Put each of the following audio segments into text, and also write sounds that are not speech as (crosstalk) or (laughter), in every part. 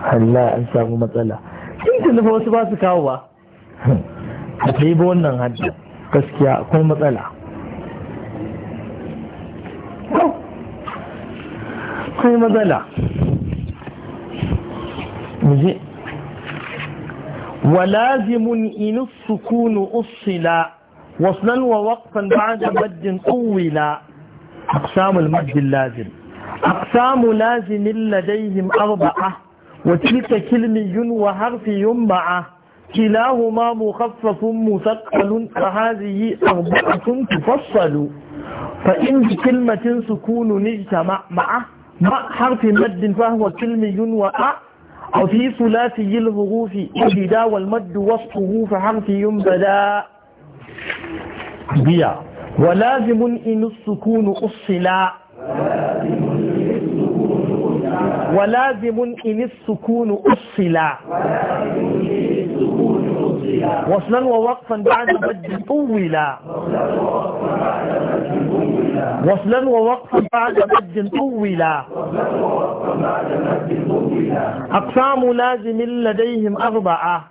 Allah an samu matsala tun da wasu ba su kawo ba a ta yi ba wannan hajji gaskiya akwai matsala akwai matsala muje ولازم إن السكون أصل وصلا ووقفا بعد مد طول أقسام المد اللازم أقسام لازم لديهم أربعة وتلك كلمي وحرفي معه كلاهما مخفف مثقل فهذه أربعة تفصل فإن كلمة سكون نجتمع معه مع حرف مد فهو كلمي وأ وفي ثلاثي الهروف إبدا والمد وصفه فحرف ينبدا بيا ولازم إن السكون أصلا ولازم إن السكون أصلا وصلا ووقفا بعد مد طولا وصلا ووقفا بعد مد طولا أقسام لازم لديهم أربعة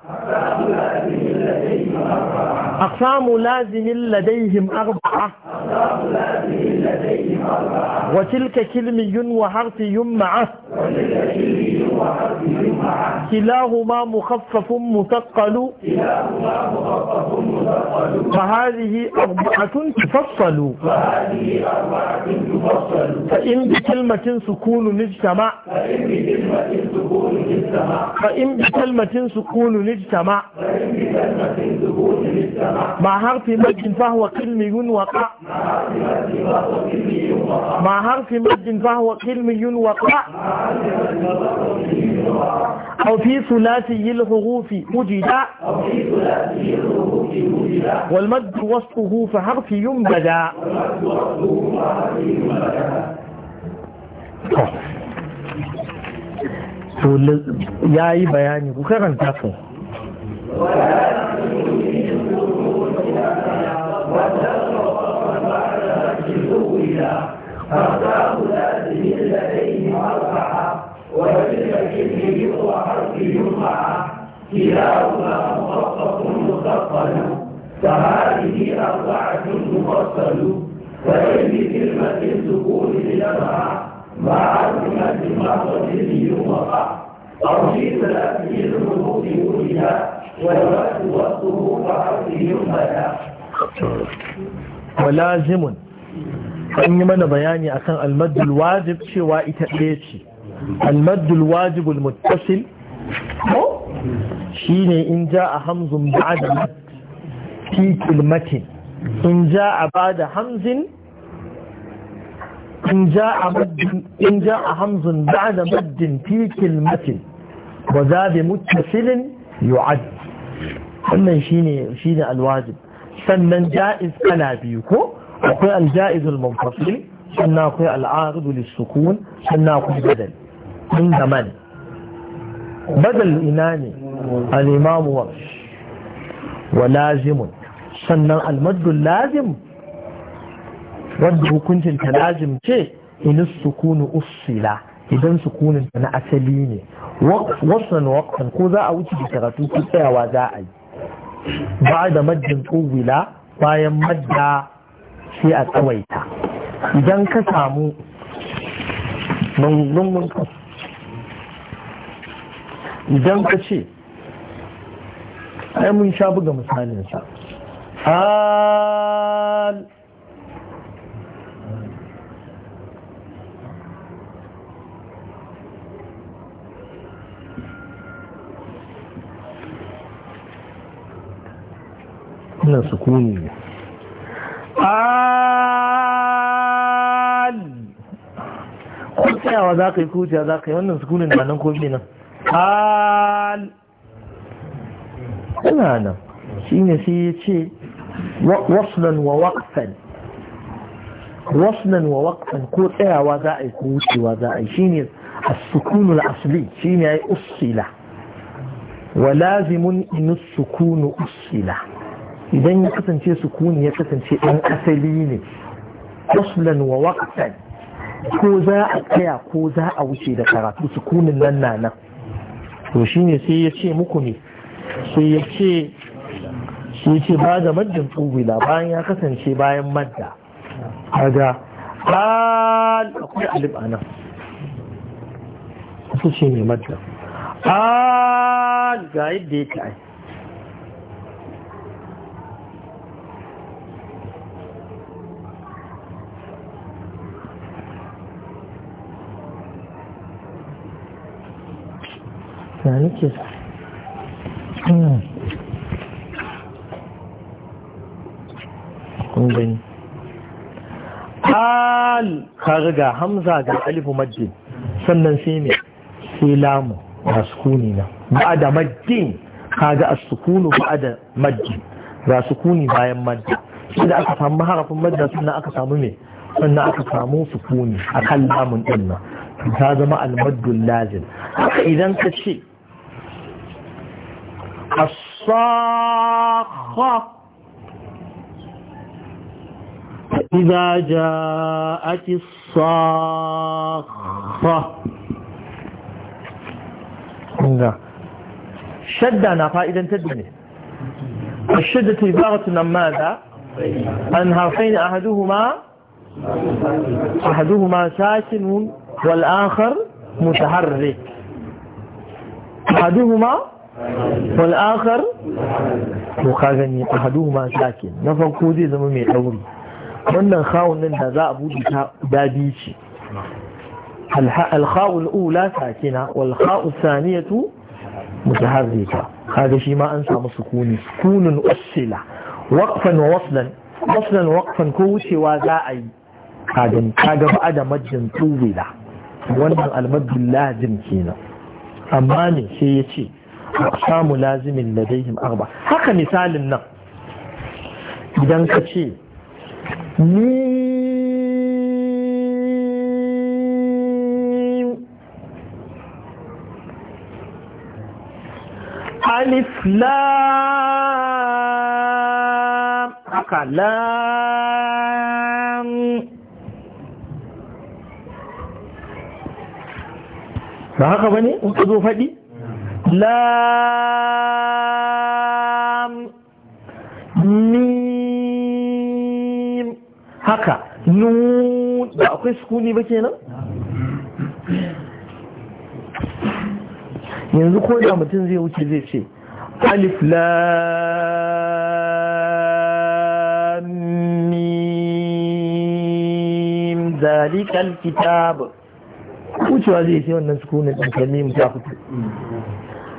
أقسام لازم لديهم أربعة وتلك كلمي وحرف يمعة كلاهما مخفف مثقل فهذه أربعة تفصل فإن بكلمة سكون اجتمع فإن بكلمة سكون فإن بكلمة سكون اجتمع مع حرف مد فهو كلمي وقع مع حرف مد فهو كلمي وقع أو في ثلاثي الحروف وجد والمد وصفه فحرف ينبدا to ya yi bayani ku karanta su أعطاه لازم لديه أربعة وبالمكن يقوى حرف يقع كلاهما مخطط مخطط فهذه أربعة مفصل وإن كلمة السكون للأربعة وعلمت المعتقد يوقع توحيد الابدي الحقوق وجها والوقت والصروف حقه مدى ولازم فإن من بياني أخان المد الواجب شواء تأليش المد الواجب المتصل شيني إن جاء حمز بعد مد في كلمة إن جاء بعد حمز إن جاء مد إن جاء همز بعد مد في كلمة وذا بمتصل يعد أما شيني شيني الواجب فمن جائز أنا بيكو أقول الجائز المنفصل أنا أقول العارض للسكون أنا أقول بدل من زمان بدل إناني الإمام ورش ولازم سنة المد اللازم wanda hukuncin ta lazim ce inis sukunu ussila idan sukunin ta na asali ne wasan wakan ko za a wuce da karatu ko tsayawa za a yi ba da maddin tsowila bayan madda sai a tsawaita idan ka samu mangungun idan ka ce ai mun sha buga misalinsa al اهلا سكوني قال قلت يا وذاقي كوتي يا ذاقي وانا سكوني ما ننكوش لنا قال انا انا شين سي شي وصلا ووقفا وصلا ووقفا قلت يا وذاقي كوتي وذاقي شين السكون الاصلي شين اصلا ولازم ان السكون اصله idan ya kasance sukuni ya kasance ɗan asali ne aslan wa waqtan ko za a tsaya ko za a wuce da karatu sukunin nan na nan to shine sai ya ce muku ne sai ya ce shi ce ba da maddin tsubila bayan ya kasance bayan madda kaga al akwai alif a nan su ce mai madda al ga yadda yake ai ya nake hmm. kun gani al ka ga hamza ga alifu maddin sannan sai me sai lamu a sukuni na da maddin kaga as-sukunu da maddin ga sukuni bayan maddin da aka samu harafin madda sannan aka samu me sannan aka samu sukuni a kan lamun ɗin nan ta zama almadun lazin haka idan ka ce الصاخة إذا جاءت الصاخة شدنا فائدا تدني الشدة عبارة عن ماذا أن حرفين أحدهما أحدهما ساكن والآخر متحرك أحدهما wal'akar to kaga ne a hadu ma sake na farko zai zama mai ɗauri wannan khawun nan da za a buɗe ta dadi ce alkhawun ula sakina walkhawu saniyatu mutaharrika kaga shi ma an samu sukuni sukunin ussila waqfan wa waslan waslan ko wucewa za a yi kaga kaga ba da majin tuwila wannan almadullajin kenan amma ne sai yace. أقسام لازم لديهم أربعة هكا مثال النقل إذا كتشي ميم ألف لام هكا لام هكا بني bane فدي لام ميم هكا نون لا اكوي سكوني بكينا ينزو كو دا متين زي وكي زي شي الف لام ميم ذلك الكتاب وشو هذه سي ونن سكوني بكينا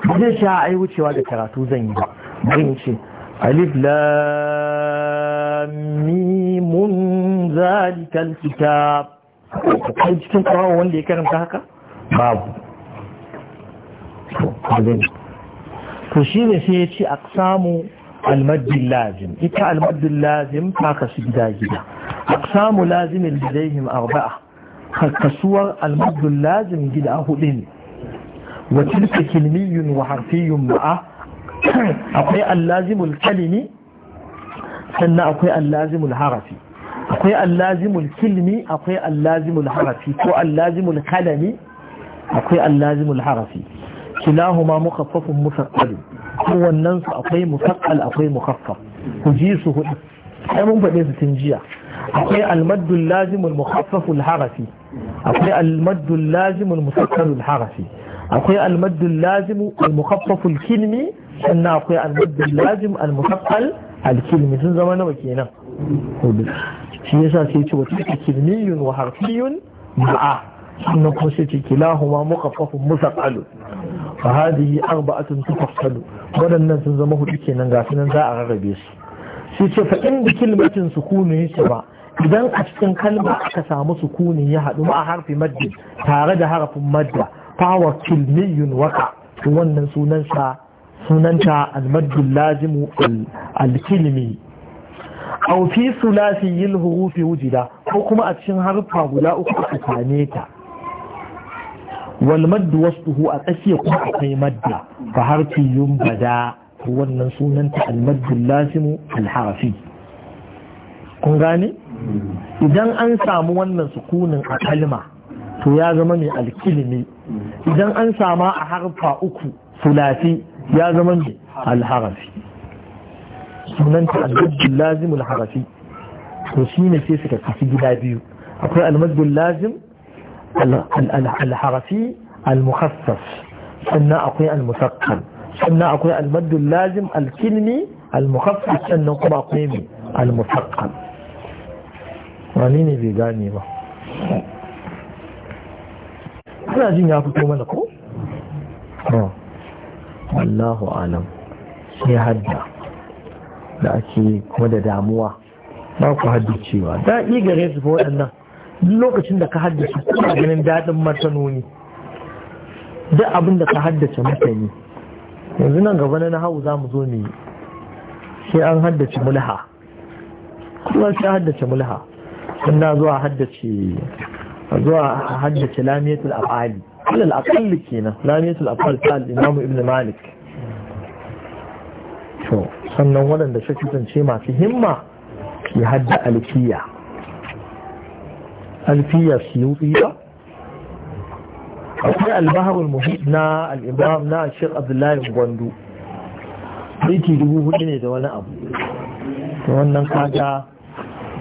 ba zai sha ai wucewa da karatu zan yi ba bari ce alif lamimun zalikal kitab kai cikin kawo wanda ya karanta haka babu to shi ne sai ya ce a samu almaddin lazim ita almaddin lazim ta kasu gida gida a samu lazimin bizaihim arba'a kasuwar almaddin lazim gida hudu ne وتلك كلمي وحرفي معه أقوي اللازم الكلمي سنة أقوي اللازم الحرفي أقوي اللازم الكلمي أقوي اللازم الحرفي أقوى اللازم الكلمي أقوي اللازم الحرفي كلاهما مخفف مثقل هو النص أقوي مثقل أقوي مخفف وجيسه أي من بديس تنجيع أقوي المد اللازم المخفف الحرفي أقوي المد اللازم المثقل الحرفي akwai almaddul lazimu al-mukhaffaful kilmi sannan akwai almaddul lazim al alkilmi. al-kilmi sun zama nawa kenan hudu shi yasa sai ce wata kilmiyun wa harfiyun ma'a sannan kuma sai ce kilahuma mukhaffafun musaqalu fa hadhihi arba'atun tufassalu wadannan sun zama hudu kenan ga sunan za a rarrabe su sai ce fa inda kilmatin sukunu yake ba idan a cikin kalma aka samu sukunin ya haɗu ma a harfi madda tare da harafin madda fawa kilmiyun waka to wannan sunansa sunanta almaddul lazimu alkilmi aw fi sulasiyil hurufi wujida ko kuma a cikin harfa guda uku aka same ta wal maddu wasduhu a tsakiya kuma akwai madda fa harfiyun bada wannan sunanta almaddul lazimu alharfi kun gane idan an samu wannan sukunin a kalma to ya zama mai alkilmi idan an sama a harfa uku sulasi ya zama ne alharafi sunanta almajin lazim alharafi to shi ne sai suka kafi gida biyu akwai almajin lazim alharafi almukhassas sannan akwai almusakkan sannan akwai almajin lazim alkilmi almukhassas sannan kuma akwai mai almusakkan wani ne bai gane ba ana jin ya fito mana ko? Allahu alam sai hadda da ake kuma da damuwa ba ku haddacewa daɗi gare su ko waɗannan duk lokacin da ka haddace kuma ganin daɗin matanoni duk abin da ka haddace mutane yanzu nan gaba na hau za mu zo ne sai an haddace mulha kuma sai haddace mulha sun na zuwa haddace a zuwa haddace lamiyatul afali alal aqall kenan lamiyatul afal ta al-imam ibn malik to sannan waɗanda shi kasance masu himma ya hadda alfiya alfiya suyuti ba akwai albaharul muhit na al'imam na shir abdullahi gwandu dubu hudu ne da wani abu da wannan kaga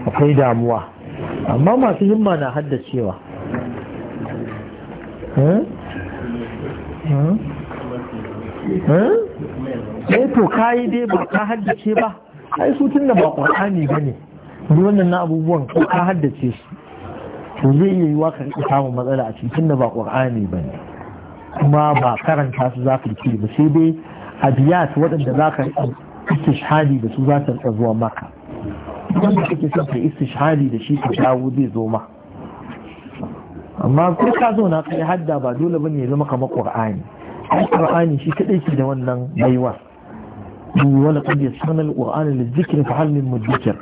akwai damuwa amma masu himma na haddacewa eh, eh? eh? eh to kayi dai ba ka haddace ba ai su tun da ba ƙwarani bane, ne wannan na abubuwan ko ka haddace su to zai iya yi wa ka samun matsala a cikin da ba ƙwarani ba kuma ba karanta su za ka ba sai dai abiyat waɗanda za ka istishhadi da su za ta zuwa maka wanda kake son ka istishhadi da shi ka dawo zai zo ma amma ko ka zo na kai hadda ba dole bane ya zama kamar qur'ani ai qur'ani shi kadai ke da wannan baiwa wala qad yasana al lizikri fa hal min mudhakkir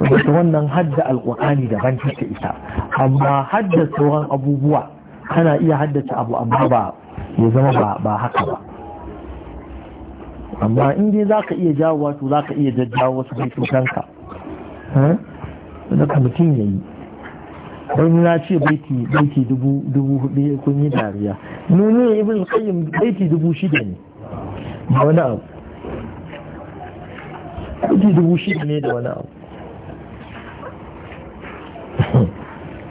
wato wannan hadda alkur'ani daban take ita amma hadda sauran abubuwa kana iya haddace abu amma ba ya zama ba haka ba amma in dai za ka iya jawo to za ka iya jajjawo wasu baitotanka eh? daga mutum ya yi wani na ce baiti dubu hudu kun yi dariya nuni ibn qayyim baiti dubu shida ne da wani abu baiti dubu shida ne da wani abu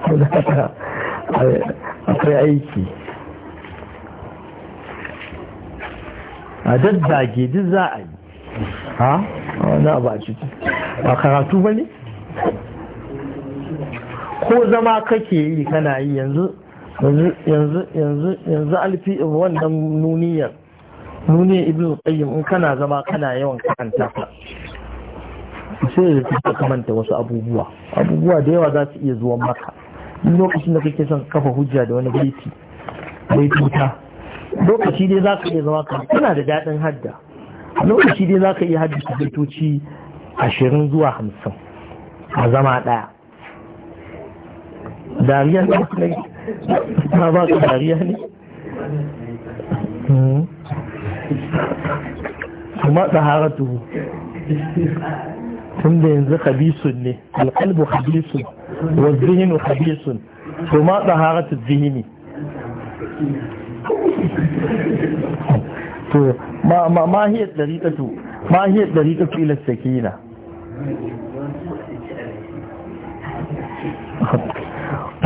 (laughs) eh, akwai aiki a daddage duk za a yi ha wani abu a ciki ba karatu ba ne ko zama kake yi kana yi yanzu yanzu alfi wannan nuniyar nuniyar ibn qayyim in kana zama kana yawan karanta ka sai da kuka manta wasu abubuwa abubuwa da yawa za su iya zuwa maka lokacin da kake son kafa hujja da wani baiti ta lokaci dai za ka iya zama ka tana da daɗin hadda lokaci dai za ka iya hadda baitoci ashirin zuwa hamsin a zama ɗaya dariya ne ta ba ka dariya ne kuma hmm. tsaharatu tun da yanzu khabisun ne alƙalbu khabisun wa zihinu khabisun kuma tsaharatu zihini to ma ma ma hiya dariqatu ma hiya dariqatu ila sakina